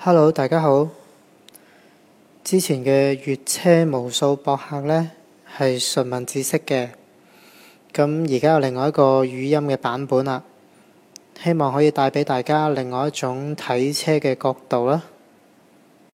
Hello，大家好。之前嘅閱車無數博客呢，係純文字式嘅，咁而家有另外一個語音嘅版本啦，希望可以帶俾大家另外一種睇車嘅角度啦。